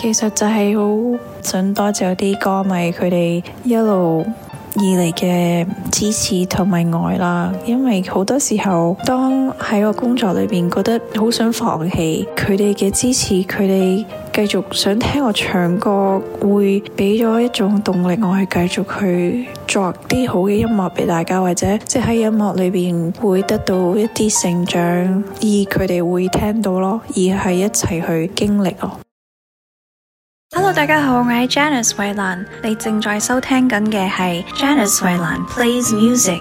其實就係好想多謝啲歌迷，佢哋一路以嚟嘅支持同埋愛啦。因為好多時候，當喺個工作裏邊覺得好想放棄，佢哋嘅支持，佢哋繼續想聽我唱歌，會俾咗一種動力，我去繼續去作啲好嘅音樂俾大家，或者即係喺音樂裏邊會得到一啲成長，而佢哋會聽到咯，而係一齊去經歷咯。大家好，我係 Janice 衛蘭，你正在收聽緊嘅係 Janice 衛蘭 Plays Music。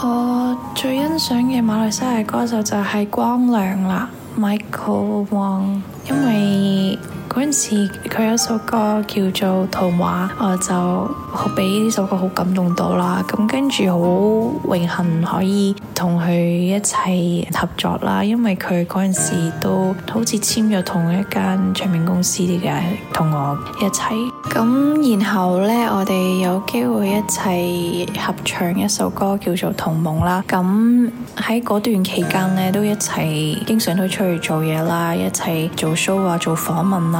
我最欣賞嘅馬來西亞歌手就係光良啦，Michael Wong，因為。陣時佢有一首歌叫做《童話》，我就好俾呢首歌好感動到啦。咁跟住好榮幸可以同佢一齊合作啦，因為佢陣時都好似簽咗同一間唱片公司啲嘅，同我一齊。咁然後咧，我哋有機會一齊合唱一首歌叫做《同夢》啦。咁喺段期間咧，都一齊經常都出去做嘢啦，一齊做 show 啊，做訪問啦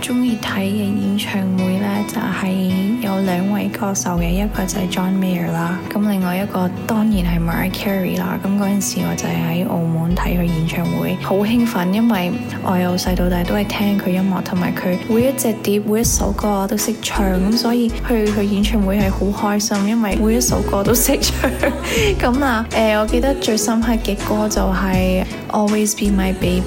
中意睇嘅演唱會呢，就係、是、有兩位歌手嘅，一個就係 John Mayer 啦，咁另外一個當然係 Mariah Carey 啦。咁嗰陣時我就係喺澳門睇佢演唱會，好興奮，因為我由細到大都係聽佢音樂，同埋佢每一隻碟、每一首歌我都識唱，咁所以去去演唱會係好開心，因為每一首歌都識唱。咁 啊，誒、呃，我記得最深刻嘅歌就係、是《Always Be My Baby》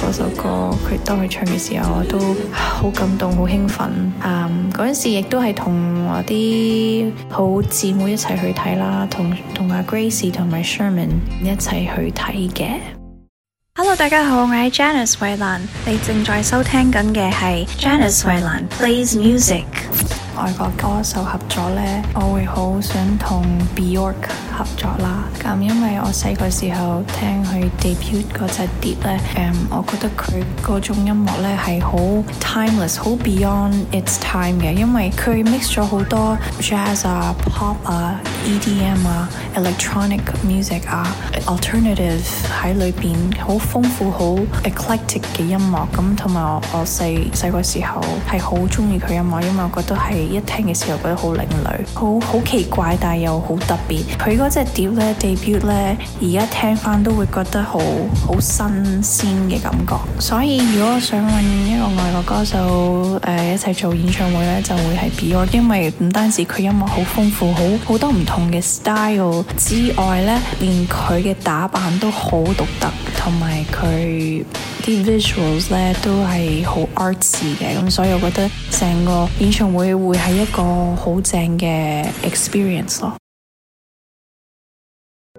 嗰首歌，佢當佢唱嘅時候，我都～好感動，好興奮！嗯，嗰陣時亦都係同我啲好姊妹一齊去睇啦，同同阿 Grace 同埋 Sherman 一齊去睇嘅。Hello，大家好，我係 Janice 衛蘭，你正在收聽緊嘅係 Janice 衛蘭 plays music。外國歌手合作呢，我會好想同 Bjork。合作啦，咁因為我細個時候聽佢 debut 嗰隻碟咧，誒，um，我覺得佢嗰種音樂咧係好 timeless，好 beyond its time 嘅，因為佢 mix 咗好多 jazz 啊、pop 啊、EDM 啊、electronic music 啊、alternative 喺裏邊好豐富、好 eclectic 嘅音樂，咁同埋我細細個時候係好中意佢音樂，因為我覺得係一聽嘅時候覺得好另類，好好奇怪，但係又好特別。佢即係碟咧，debut 咧，而家聽翻都會覺得好好新鮮嘅感覺。所以如果我想揾一個外國歌手誒、呃、一齊做演唱會咧，就會係 Beyonce 因為唔單止佢音樂好豐富，好好多唔同嘅 style 之外咧，連佢嘅打扮都好獨特，同埋佢啲 visuals 咧都係好 artsy 嘅。咁所以我覺得成個演唱會會係一個好正嘅 experience 咯。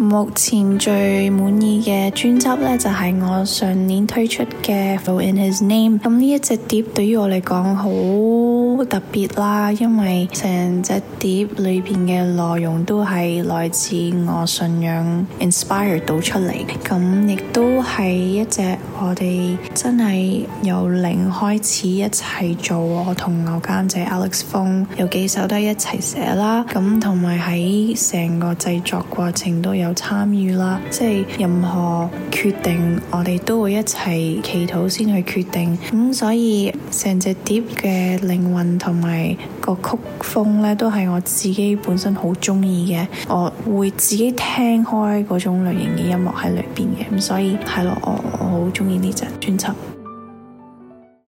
目前最滿意嘅專輯咧，就係、是、我上年推出嘅《For In His Name》。咁、嗯、呢一隻碟對於我嚟講好特別啦，因為成隻碟裏邊嘅內容都係來自我信仰 inspire 到出嚟。嘅、嗯，咁亦都係一隻我哋真係由零開始一齊做，我同牛監仔 Alex 風有幾首都係一齊寫啦。咁同埋喺成個製作過程都有。有參與啦，即係任何決定，我哋都會一齊祈禱先去決定。咁所以成隻碟嘅靈魂同埋個曲風呢，都係我自己本身好中意嘅。我會自己聽開嗰種類型嘅音樂喺裏邊嘅，咁所以係咯，我我好中意呢隻專輯。